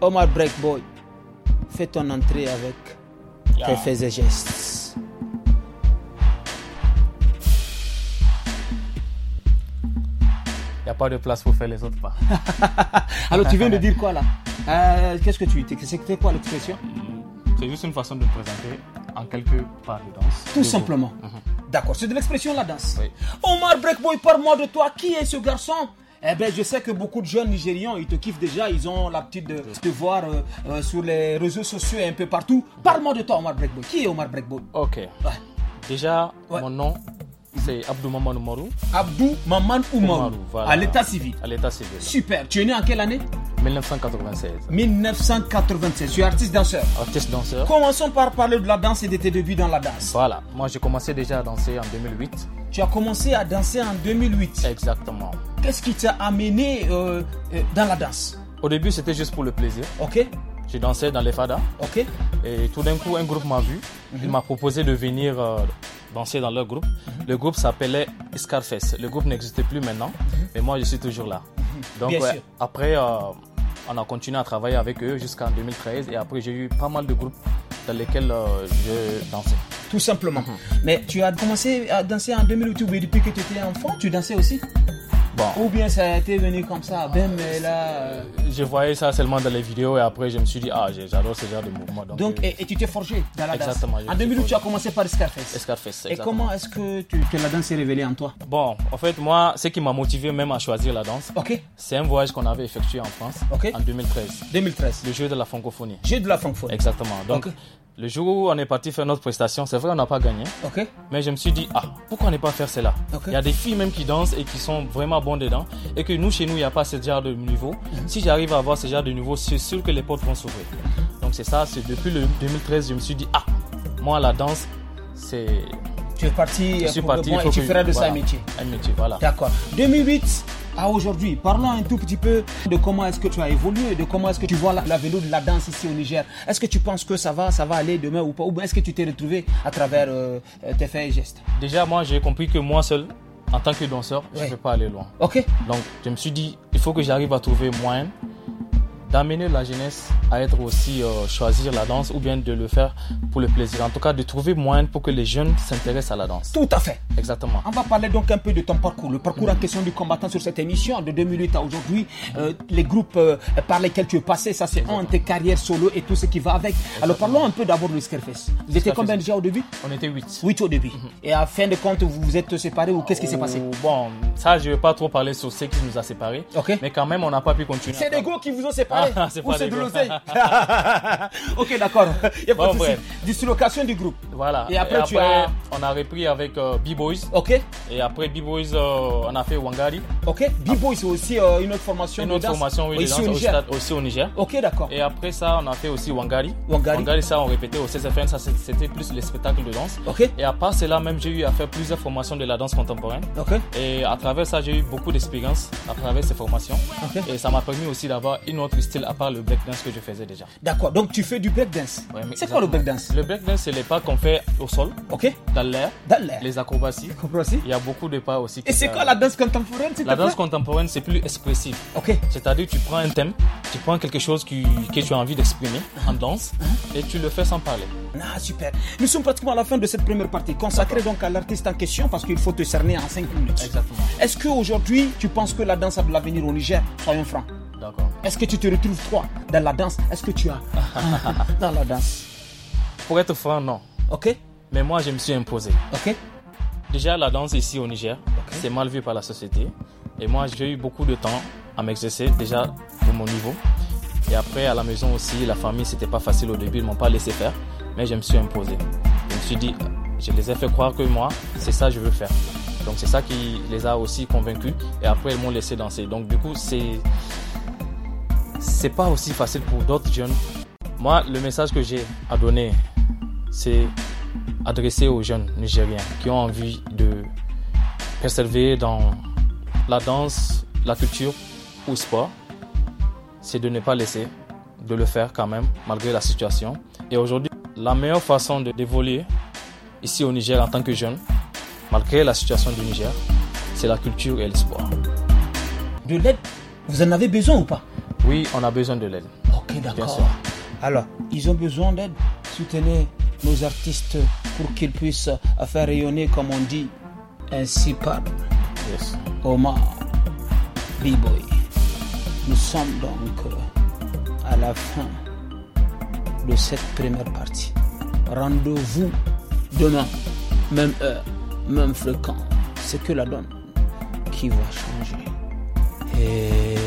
Omar Breakboy, fais ton entrée avec tes faits et gestes. Il n'y a pas de place pour faire les autres pas. Alors, tu viens de dire quoi là euh, Qu'est-ce que tu C'était quoi l'expression C'est juste une façon de me présenter en quelques part de danse. Tout simplement. Mhm. D'accord, c'est de l'expression la danse. Omar Breakboy, parle-moi de toi. Qui est ce garçon eh bien, je sais que beaucoup de jeunes Nigérians, ils te kiffent déjà, ils ont l'habitude de te voir euh, euh, sur les réseaux sociaux et un peu partout. Parle-moi de toi, Omar Breakboy. Qui est Omar Breakboy Ok. Déjà, mon nom, c'est Abdou Maman Oumarou. Abdou Maman Oumarou. À l'état civil. À l'état civil. Super. Tu es né en quelle année 1996. 1996. Tu es artiste danseur. Artiste danseur. Commençons par parler de la danse et de tes débuts dans la danse. Voilà. Moi, j'ai commencé déjà à danser en 2008. Tu as commencé à danser en 2008. Exactement. Qu'est-ce qui t'a amené euh, euh, dans la danse Au début, c'était juste pour le plaisir. Ok. J'ai dansé dans les fadas. Ok. Et tout d'un coup, un groupe m'a vu. Mhm. Il m'a proposé de venir euh, danser dans leur groupe. Mhm. Le groupe s'appelait Scarface. Le groupe n'existait plus maintenant, mhm. mais moi, je suis toujours là. Donc, après, euh, on a continué à travailler avec eux jusqu'en 2013 et après, j'ai eu pas mal de groupes dans lesquels euh, je dansais. Tout simplement. Mhm. Mais tu as commencé à danser en 2008 ou depuis que tu étais enfant, tu dansais aussi ou bien ça a été venu comme ça, ben mais là. Euh. Je voyais ça seulement dans les vidéos et après je me suis dit, ah, j'adore ce genre de mouvement. Donc, euh, et, tu t'es forgé dans la exactement, En 2000 tu as commencé par Scarface. Scarface, Et comment est-ce que la danse s'est révélée en toi Bon, en fait, moi, ce qui m'a motivé même à choisir la danse, c'est un voyage qu'on avait effectué en France en 2013. 2013. Le jeu de la francophonie. Jeu de la francophonie. Exactement. Donc, le jour où on est parti faire notre prestation, c'est vrai, on n'a pas gagné. Mais je me suis dit, ah, pourquoi on n'est pas faire cela Il y a des filles même qui dansent et qui sont vraiment bonnes dedans. Et que nous, chez nous, il n'y a pas ce genre de niveau. Mhm. Si j'arrive à avoir ce genre de niveau, c'est sûr que les portes vont s'ouvrir. Donc c'est ça, c'est depuis le 2013, je me suis dit, ah, moi, la danse, c'est... Tu es parti, je suis pour parti, bon, et tu feras de ça un métier. Un métier, voilà. D'accord. 2008, aujourd'hui. Parlons un tout petit peu de comment est-ce que tu as évolué, de comment est-ce que tu vois la, vélo de la danse ici au Niger. Est-ce que tu penses que ça va, ça va aller demain ou pas Ou est-ce que tu t'es retrouvé à travers euh, tes faits et gestes Déjà, moi, j'ai compris que moi seul, en tant que danseur, je ne vais pas aller loin. Ok. Donc, je me suis dit, il faut que j'arrive à trouver moyen d'amener la jeunesse à être aussi euh, choisir la danse ou bien de le faire pour le plaisir. En tout cas, de trouver moyen pour que les jeunes s'intéressent à la danse. Tout à fait. Exactement. On va parler donc un peu de ton parcours, le parcours en question du combattant sur cette émission de 2008 à aujourd'hui, euh, les groupes euh, par lesquels tu es passé, ça c'est en tes carrières solo et tout ce qui va avec. Alors parlons un peu d'abord de Scarface. Vous étiez combien déjà au début On était 8. 8 au début. Mhm. Et à fin de compte, vous vous êtes séparés ou qu'est-ce qui s'est passé oh, Bon, ça je ne vais pas trop parler sur ce qui nous a séparés. Mais quand même, on n'a pas pu continuer. C'est des gars qui vous ont séparés. Ah, c'est de ok, d'accord. Il y a pas bon, Dislocation du groupe. Voilà. Et après, tu on a repris avec euh, B-Boys. Ok. Et après B-Boys, euh, on a fait Wangari. Ok. B-Boys, ah. aussi euh, une autre formation. Une autre formation, oui, aussi, au Niger. aussi au Niger. Ok, d'accord. Et après ça, on a fait aussi Wangari. Wangari. Wangari, ça, on répétait au CSFN. Ça, c'était plus les spectacles de danse. Ok. Et à part cela, même, j'ai eu à faire plusieurs formations de la danse contemporaine. Ok. Et à travers ça, j'ai eu beaucoup d'expérience à travers ces formations. Et ça m'a permis aussi d'avoir une autre à part le breakdance que je faisais déjà. D'accord, donc tu fais du breakdance. dance. c'est quoi le breakdance Le breakdance, c'est les pas qu'on fait au sol, ok, dans l'air, dans l'air, les acrobaties. Il y a beaucoup de pas aussi. Et c'est quoi la danse contemporaine La danse contemporaine, c'est plus expressif. Ok. C'est-à-dire tu prends un thème, tu prends quelque chose qui, que tu as envie d'exprimer en uh-huh. danse uh-huh. et tu le fais sans parler. Ah, super. Nous sommes pratiquement à la fin de cette première partie, consacrée donc à l'artiste en question parce qu'il faut te cerner en 5 minutes. Exactement. Est-ce qu'aujourd'hui, tu penses que la danse a de l'avenir au Niger Soyons francs. D'accord. Est-ce que tu te retrouves toi dans la danse Est-ce que tu as dans la danse Pour être franc, non. Ok. Mais moi, je me suis imposé. Ok. Déjà, la danse ici au Niger, c'est mal vu par la société. Et moi, j'ai eu beaucoup de temps à m'exercer déjà de mon niveau. Et après, à la maison aussi, la famille, c'était pas facile au début, ils m'ont pas laissé faire. Mais je me suis imposé. Je me suis dit, je les ai fait croire que moi, c'est ça que je veux faire. Donc c'est ça qui les a aussi convaincus. Et après, ils m'ont laissé danser. Donc du coup, c'est c'est pas aussi facile pour d'autres jeunes. Moi, le message que j'ai à donner, c'est adressé aux jeunes nigériens qui ont envie de persévérer dans la danse, la culture ou le sport, c'est de ne pas laisser, de le faire quand même, malgré la situation. Et aujourd'hui, la meilleure façon d'évoluer ici au Niger en tant que jeune, malgré la situation du Niger, c'est la culture et le sport. De l'aide, vous en avez besoin ou pas oui, on a besoin de l'aide. Ok, d'accord. Alors, ils ont besoin d'aide. Soutenez nos artistes pour qu'ils puissent faire rayonner, comme on dit, ainsi parle yes. Omar B-Boy. Nous sommes donc euh, à la fin de cette première partie. Rendez-vous demain, même heure, même fréquent. C'est que la donne qui va changer. Et